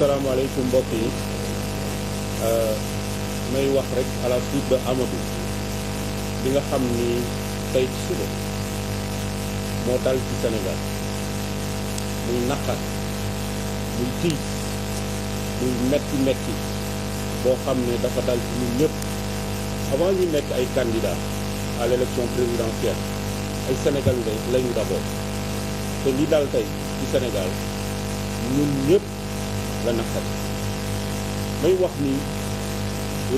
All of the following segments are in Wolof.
salaamaaleykum mbokk yi euh, may wax rek à la suite de Amadou bi nga xam ni tey ci suba moo dal ci Sénégal muy naqar muy tiis muy metti metti boo xam ne dafa dal ci ñun ñëpp avant ñu nekk ay candidats à l'élection présidentielle ay Sénégalais lañu d'abord te li dal tey ci Sénégal ñun ñëpp. la naqar may wax ni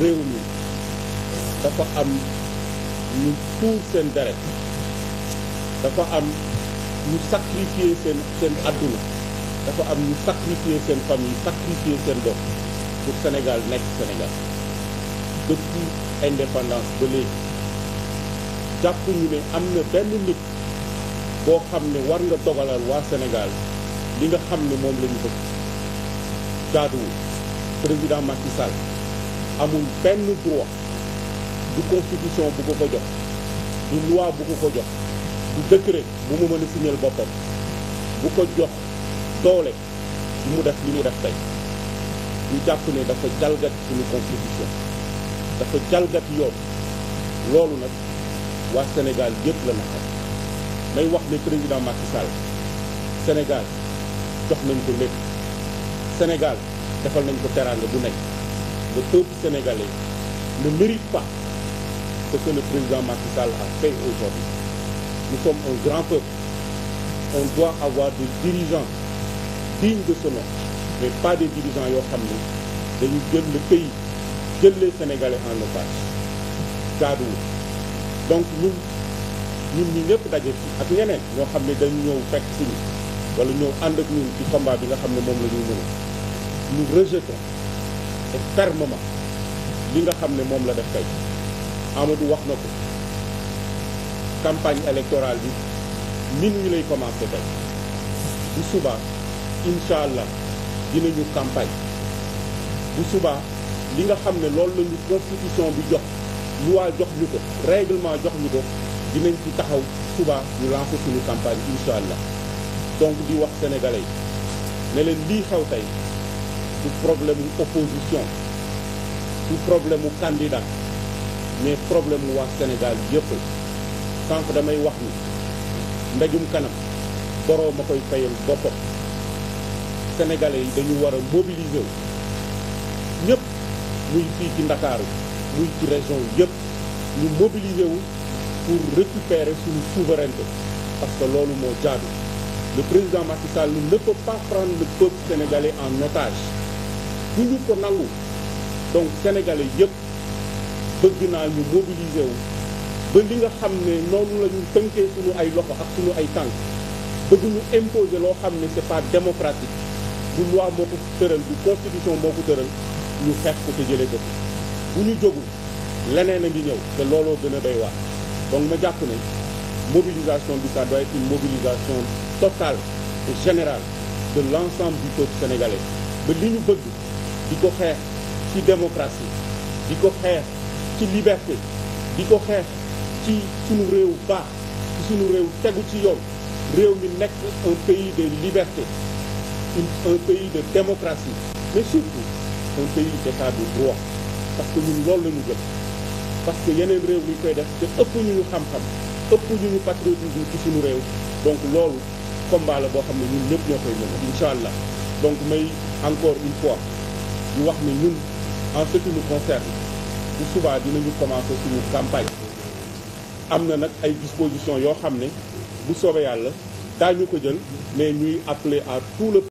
réew mi dafa am ñu tuur seen deret dafa am ñu sacrifier seen seen àdduna dafa am ñu sacrifier seen famille sacrifier seen doom pour Sénégal nekk Sénégal depuis indépendance ba léegi jàpp ñu ne am na benn nit boo xam ne war nga dogalal waa Sénégal li nga xam ne moom la ñu jaaduwul président Macky Sall amul benn droit du constitution bu ko ko jox du loi bu ko ko jox du décret bu mu mën a signal boppam bu ko jox doole bi mu def li ñu def tey ñu jàpp ne dafa jalgat suñu constitution dafa jalgat yoon loolu nag waa Sénégal yépp la na may wax ne président Macky Sall Sénégal jox nañ ko lépp Sénégal defal nañ ko teraanga bu nekk le peuple sénégalais ne mérite pas ce que le président Macky Sall a fait aujourd'hui nous sommes un grand peuple on doit avoir des dirigeants dignes de ce mais pas des dirigeants yoo xam ne dañu jël le pays jël les Sénégalais en otage jaaduwul donc ñun ñun ñi ñëpp daje fi ak ñeneen ñoo xam ne dañu ñëw fekk suñu wala ñëw ànd ak ñun ci combat bi nga xam ne moom la ñuy mën nous rejetons et li nga xam ne moom la def tey Amadou wax na ko campagne électorale bi minuit lay commencé tey bu subaa incha dinañu campagne bu subaa li nga xam ne loolu la ñu constitution bi jox loi jox ñu ko règlement jox ñu ko dinañ ci taxaw subaa ñu lancé suñu campagne incha allah donc di wax sénégalais yi ne leen lii xew tey du problème mu opposition du problème mu candidat mais problème mu waa Sénégal yëpp sànq damay wax ni mbéjum kanam boroo ma koy fayal boppam sénégalais yi dañu war a mobiliser muy fii ci Ndakaaru muy ci région yëpp ñu mobiliser wu pour récupérer suñu souveraineté parce que loolu moo jaadu le président Macky Sall ne peut pas prendre le peuple en otage du ñu ko nangu donc sénégalais yëpp bëgg naa ñu mobiliser wu ba li nga xam ne noonu la ñu tënkee suñu ay loxo ak suñu ay tànk bëgg ñu imposer loo xam ne c'est pas démocratique bu loi moo ko tëral bu constitution moo ko tëral ñu xeex ko te jëlee ko bu ñu jógul leneen a ngi ñëw te looloo gën a doy waar donc ma jàpp ne mobilisation bi ça doit être une mobilisation totale et général de l'ensemble du peuple sénégalais ba li ñu bëgg di ko xeex ci démocratie di ko xeex ci liberté di ko xeex ci suñu réew baax ci suñu réew tegu ci yoon réew mi nekk un pays de liberté un pays de démocratie mais surtout un pays d'état de droit parce que ñun loolu la ñu gëm parce que yeneen réew li koy def te ëpp ñu ñu xam-xam ëpp ñu ñu patriotisme ci suñu réew donc loolu combat la boo xam ne ñun ñëpp ñoo koy mën incha allah donc may encore une fois ñu wax ni ñun en ce qui nous concerne bu subaa suñu campagne am na nag ay dispositions yoo xam ne bu soobee yàlla daañu ko jël mais ñuy appeler à tout le